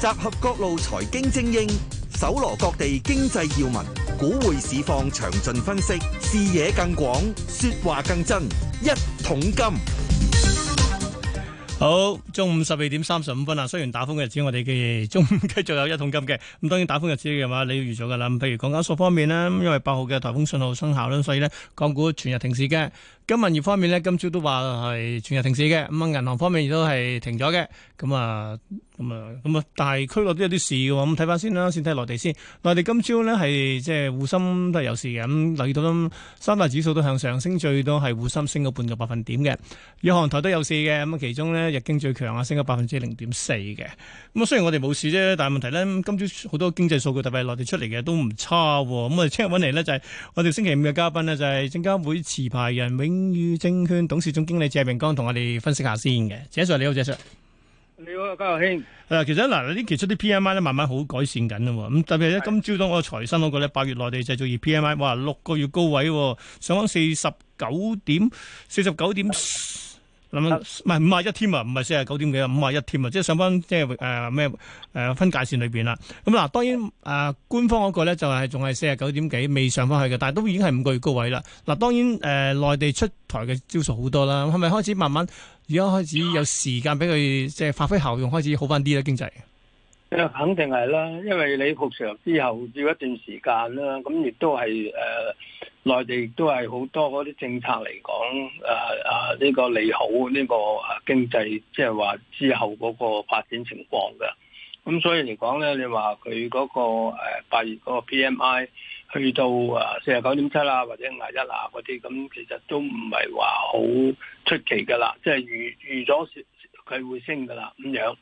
集合各路財經精英，搜羅各地經濟要聞，股匯市況詳盡分析，視野更廣，說話更真。一桶金。好，中午十二點三十五分喇！雖然打風嘅日子，我哋嘅中午繼續有一桶金嘅。咁當然打風日子嘅話，你要預咗㗎啦。譬如講，交易所方面呢，因為八號嘅颱風信號生效啦，所以呢，港股全日停市嘅。金銀業方面呢，今朝都話係全日停市嘅。咁啊，銀行方面亦都係停咗嘅。咁啊。咁啊，咁啊、嗯嗯，大區內都有啲事嘅，咁睇翻先啦，先睇內地先。內地今朝呢，係即係滬深都係有事嘅，咁、嗯、留意到、嗯、三大指數都向上升，最多係滬深升個半個百分點嘅。有行台都有事嘅，咁、嗯、其中呢，日經最強啊，升咗百分之零點四嘅。咁、嗯、啊，雖然我哋冇事啫，但係問題呢，今朝好多經濟數據特別係內地出嚟嘅都唔差喎。咁啊，聽日揾嚟呢，就係、是、我哋星期五嘅嘉賓呢，就係證監會持牌人、永宇證券董事總經理謝明光，同我哋分析下先嘅。謝 Sir 你好，謝 Sir 你好啊，家友兄。嗱，其實嗱，呢期出啲 P M I 咧慢慢好改善緊咯，咁特別喺今朝當我財新嗰個咧八月內地製造業 P M I，哇，六個月高位、啊，上咗四十九點，四十九點。咁唔係五十一添啊，唔係四十九點幾啊，五十一添啊，即係上翻即係誒咩誒分界線裏邊啦。咁、嗯、嗱、啊，當然誒、呃、官方嗰個咧就係仲係四十九點幾，未上翻去嘅，但係都已經係五個月高位啦。嗱、啊，當然誒內、呃、地出台嘅招數好多啦，係、嗯、咪開始慢慢而家開始有時間俾佢即係發揮效用，開始好翻啲咧經濟？肯定係啦，因為你復常之後要一段時間啦，咁亦都係誒。呃內地都係好多嗰啲政策嚟講，誒誒呢個利好呢個誒經濟，即係話之後嗰個發展情況噶。咁所以嚟講咧，你話佢嗰個誒八月嗰個 PMI 去到啊四十九點七啊或者五十一啊嗰啲，咁其實都唔係話好出奇噶啦，即係預預咗佢會升噶啦咁樣。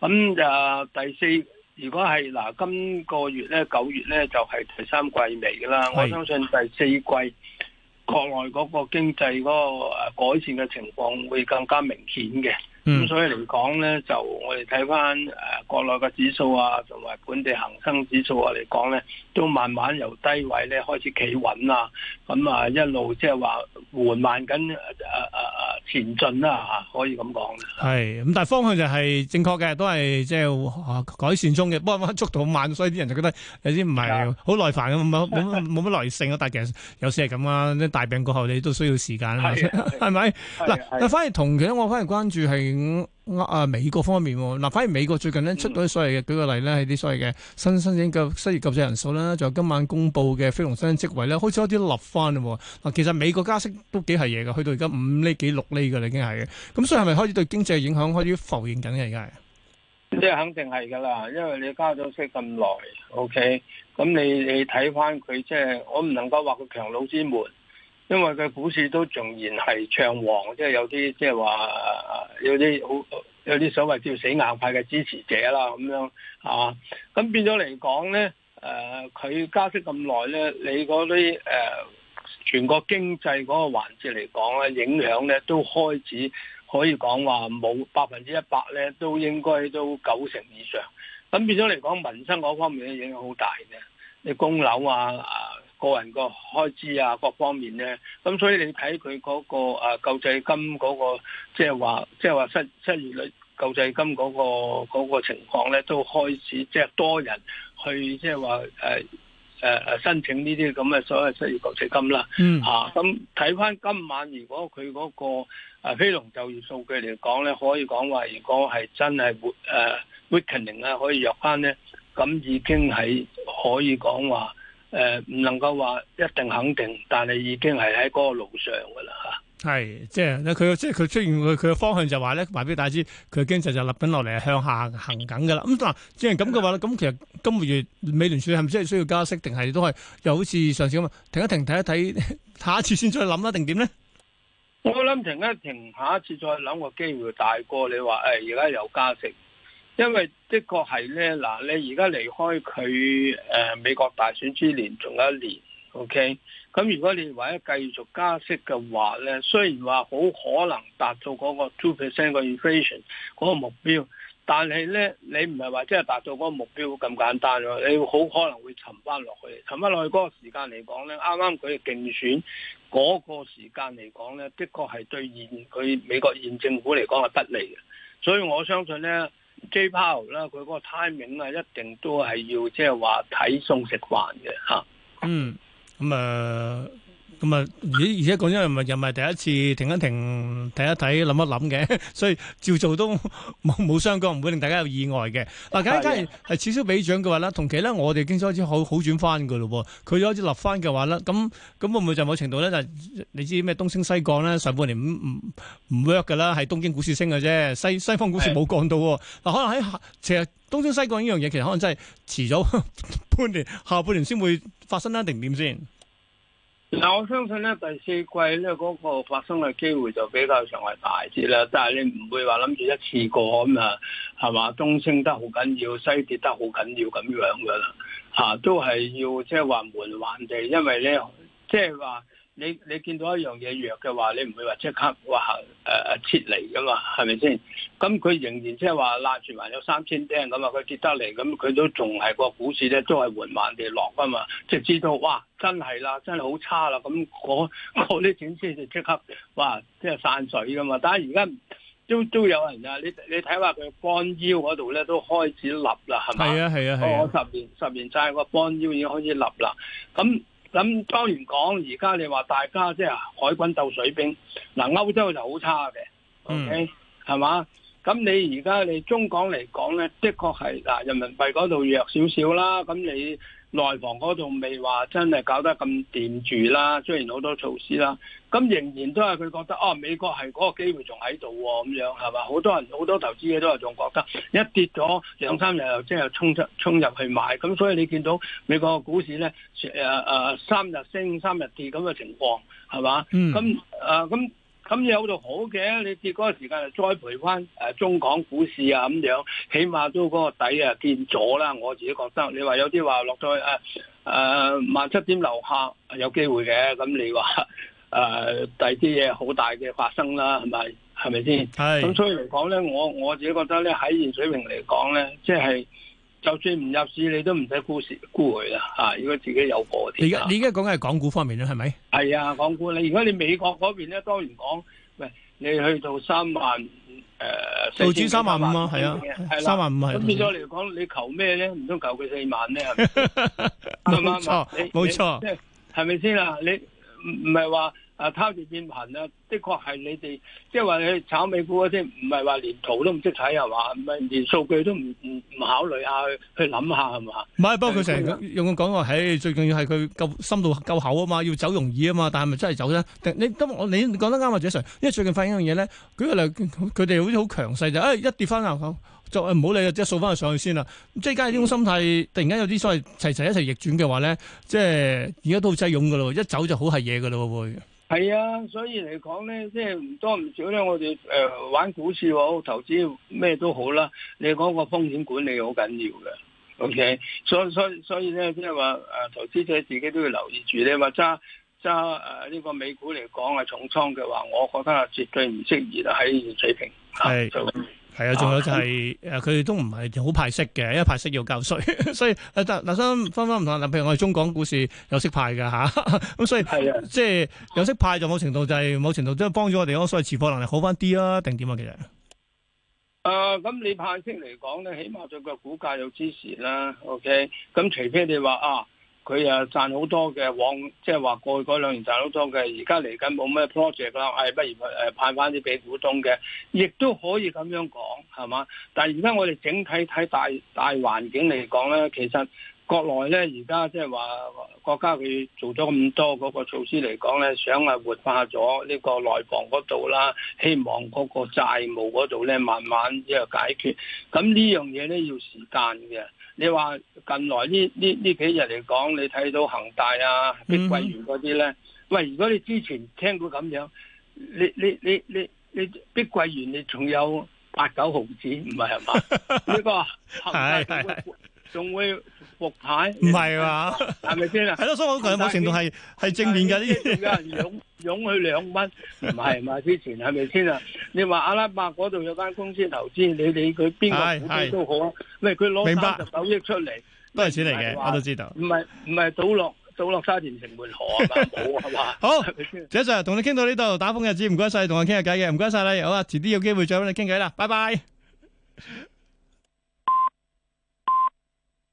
咁就第四。如果係嗱，今個月咧九月咧就係、是、第三季嚟㗎喇，我相信第四季國內嗰個經濟嗰個改善嘅情況會更加明顯嘅。咁所以嚟講咧，就我哋睇翻誒國內嘅指數啊，同埋本地恒生指數啊嚟講咧，都慢慢由低位咧開始企穩啦，咁啊一路即係話緩慢緊誒誒誒前進啦，可以咁講。係，咁但係方向就係正確嘅，都係即係改善中嘅，不過速度好慢，所以啲人就覺得有啲唔係好耐煩啊，冇冇乜耐性啊。但係其實有時係咁啊，啲大病過後你都需要時間啊，係咪？嗱，但反而同期，我反而關注係。呃啊！美國方面嗱，反而美國最近咧出到啲所謂嘅，舉個例咧係啲所謂嘅新申請嘅失業救濟人數啦，仲有今晚公布嘅非農新職位咧，開始有啲落翻啦。嗱，其實美國加息都幾係嘢噶，去到而家五厘幾六厘噶啦，已經係嘅。咁所以係咪開始對經濟影響開始浮現緊嘅而家？呢即係肯定係噶啦，因為你加咗息咁耐，OK，咁你你睇翻佢即係我唔能夠話佢強弩之末。因為佢股市都仲然係暢旺，即係有啲即係話有啲好有啲所謂叫死硬派嘅支持者啦，咁樣係嘛？咁、啊、變咗嚟講咧，誒、呃、佢加息咁耐咧，你嗰啲誒全國經濟嗰個環節嚟講咧，影響咧都開始可以講話冇百分之一百咧，都應該都九成以上。咁變咗嚟講，民生嗰方面嘅影響好大嘅，你供樓啊～個人個開支啊，各方面咧，咁所以你睇佢嗰個啊救濟金嗰個，即係話，即係話失失業率救濟金嗰、那個、就是就是金那個那個情況咧，都開始即係、就是、多人去即係話誒誒誒申請呢啲咁嘅所謂失業救濟金啦。嗯、mm. 啊，吓，咁睇翻今晚如果佢嗰、那個誒非農就業數據嚟講咧，可以講話如果係真係活誒 weakening 啊，可以弱翻咧，咁已經係可以講話。誒，唔、呃、能夠話一定肯定，但係已經係喺嗰個路上噶啦吓。係，即係佢，即係佢出現佢佢嘅方向就話咧，話俾大家知，佢嘅經濟就立緊落嚟，向下行緊噶啦。咁但係，即係咁嘅話咧，咁吧其實今個月美聯儲係咪真係需要加息，定係都係又好似上次咁啊？停一停，睇一睇，下一次先再諗啦，定點咧？我諗停一停，下一次再諗個機會大過你話誒，而、哎、家有加息。因為的確係咧，嗱你而家離開佢誒、呃、美國大選之年仲有一年，OK，咁如果你為咗繼續加息嘅話咧，雖然話好可能達到嗰個 two percent 個 inflation 嗰個目標，但係咧你唔係話即係達到嗰個目標咁簡單，你好可能會沉翻落去，沉翻落去嗰個時間嚟講咧，啱啱佢競選嗰個時間嚟講咧，的確係對現佢美國現政府嚟講係不利嘅，所以我相信咧。J Powell 啦，佢嗰個 timing 啊，一定都係要即係話睇餸食飯嘅吓。嗯，咁啊。咁啊，而而且講真，又唔係又唔係第一次停一停睇一睇諗一諗嘅，所以照做都冇冇相干，唔會令大家有意外嘅。嗱，假假如係此消彼長嘅話咧，同期咧我哋已經開始好好轉翻嘅咯喎，佢開始落翻嘅話咧，咁咁會唔會就某程度咧就你知咩東升西降咧？上半年唔唔唔 work 㗎啦，係東京股市升嘅啫，西西方股市冇降到。嗱，可能喺其實東升西降依樣嘢，其實可能真係遲咗半年下半年先會發生啦，定點先？嗱，我相信咧第四季咧嗰、那個發生嘅機會就比較上係大啲啦，但係你唔會話諗住一次過咁啊，係嘛？東升得好緊要，西跌得好緊要咁樣噶啦，嚇、啊、都係要即係話緩緩地，因為咧即係話。就是你你見到一樣嘢弱嘅話，你唔會話即刻哇誒、呃、撤離噶嘛？係咪先？咁、嗯、佢仍然即係話立住，還有三千點咁，嘛？佢跌得嚟咁，佢、嗯、都仲係個股市咧，都係緩慢地落噶嘛。即係知道，哇！真係啦，真係好差啦。咁嗰啲整師就即刻哇，即係散水噶嘛。但係而家都都有人啊！你你睇下佢幹腰嗰度咧都開始立啦，係咪？係啊係啊我十年十年債個幹腰已經開始立啦，咁。咁當然講，而家你話大家即係海軍鬥水兵，嗱歐洲就好差嘅，OK？mm. 係嘛？咁你而家你中港嚟講咧，的確係嗱人民幣嗰度弱少少啦，咁你。內房嗰度未話真係搞得咁掂住啦，雖然好多措施啦，咁仍然都係佢覺得哦，美國係嗰個機會仲喺度咁樣係嘛？好多人好多投資者都係仲覺得一跌咗兩三日又即係衝出衝入去買，咁所以你見到美國嘅股市咧，誒誒三日升三日跌咁嘅情況係嘛？嗯，咁誒咁。呃咁有度好嘅，你跌嗰個時間就栽培翻誒中港股市啊咁樣，起碼都嗰個底啊見咗啦。我自己覺得，你話有啲話落咗去誒誒萬七點樓下有機會嘅，咁你話誒第二啲嘢好大嘅發生啦，係咪？係咪先？係是。咁所以嚟講咧，我我自己覺得咧，喺現水平嚟講咧，即係。就算唔入市，你都唔使沽市佢啦。嚇、啊，如果自己有貨啲。你而家你依家講緊係港股方面啦，係咪？係啊，港股你如果你美國嗰邊咧，當然講，喂，你去到三萬誒，到、呃、四至三萬五啊，係啊，係啦，三萬五係。咁變咗嚟講，你求咩咧？唔通求佢四萬咩？冇錯，冇錯，即係係咪先啊？你唔係話？啊，貪住變貧啊！的確係你哋，即係話你去炒美股嗰啲，唔係話連圖都唔識睇係嘛？唔係連數據都唔唔唔考慮下去去諗下係嘛？唔係，不過佢成日用個講話，唉，最緊要係佢夠深度夠厚啊嘛，要走容易啊嘛。但係咪真係走咧？你今我你講得啱或者席。Sir, 因為最近發現一樣嘢咧，佢嚟佢哋好似好強勢就，唉、哎，一跌翻啊，就唔好理啊，即係掃翻佢上去先啦。即係而家係呢種心態，突然間有啲所謂齊，齊齊一齊逆轉嘅話咧，即係而家都好擠擁噶咯，一走就好係嘢噶咯喎。會係啊，所以嚟講咧，即係唔多唔少咧，我哋誒、呃、玩股市投資咩都好啦，啊。你講個風險管理好緊要嘅，OK？所以所以所以咧，即係話誒投資者自己都要留意住咧。話揸揸誒呢個美股嚟講係重倉嘅話，我覺得係絕對唔適宜啦，喺呢個水平係就。係、就是、啊，仲有就係誒，佢哋都唔係好派息嘅，因為派息要交稅，所以誒，嗱嗱聲分分唔同嗱，譬如我哋中港股市有息派噶吓，咁所以的即係有息派就某程度就係、是、某程度都幫咗我哋嗰所謂持貨能力好返啲啊，定點啊其實？誒、啊，咁你派息嚟講咧，起碼對個股價有支持啦。OK，咁除非你話啊。佢啊賺好多嘅，往即係話過去嗰兩年賺好多嘅，而家嚟緊冇咩 project 啦，唉、哎，不如誒派翻啲俾股東嘅，亦都可以咁樣講，係嘛？但係而家我哋整體睇大大環境嚟講咧，其實。國內咧，而家即係話國家佢做咗咁多嗰個措施嚟講咧，想係活化咗呢個內房嗰度啦，希望嗰個債務嗰度咧慢慢即係解決。咁呢樣嘢咧要時間嘅。你話近來呢呢呢幾日嚟講，你睇到恒大啊、碧桂園嗰啲咧，嗯、喂，如果你之前聽過咁樣，你你你你你，你碧桂園你仲有八九毫子唔係係嘛？呢 、這個恒大仲會。 木牌唔係嘛，係咪先啊？係咯，所以我講有某程度係係正面嘅。啲啲人擁擁去兩蚊，唔係嘛？之前係咪先啊？你話阿拉伯嗰度有間公司投資，你你佢邊個股都好啊？唔係佢攞三十九億出嚟，都係錢嚟嘅，我都知道。唔係唔係倒落倒落沙田城門河啊嘛，冇係嘛？好，謝 Sir 同你傾到呢度，打風日子唔該晒，同我傾下偈嘅，唔該晒啦，好啊，遲啲有機會再揾你傾偈啦，拜拜。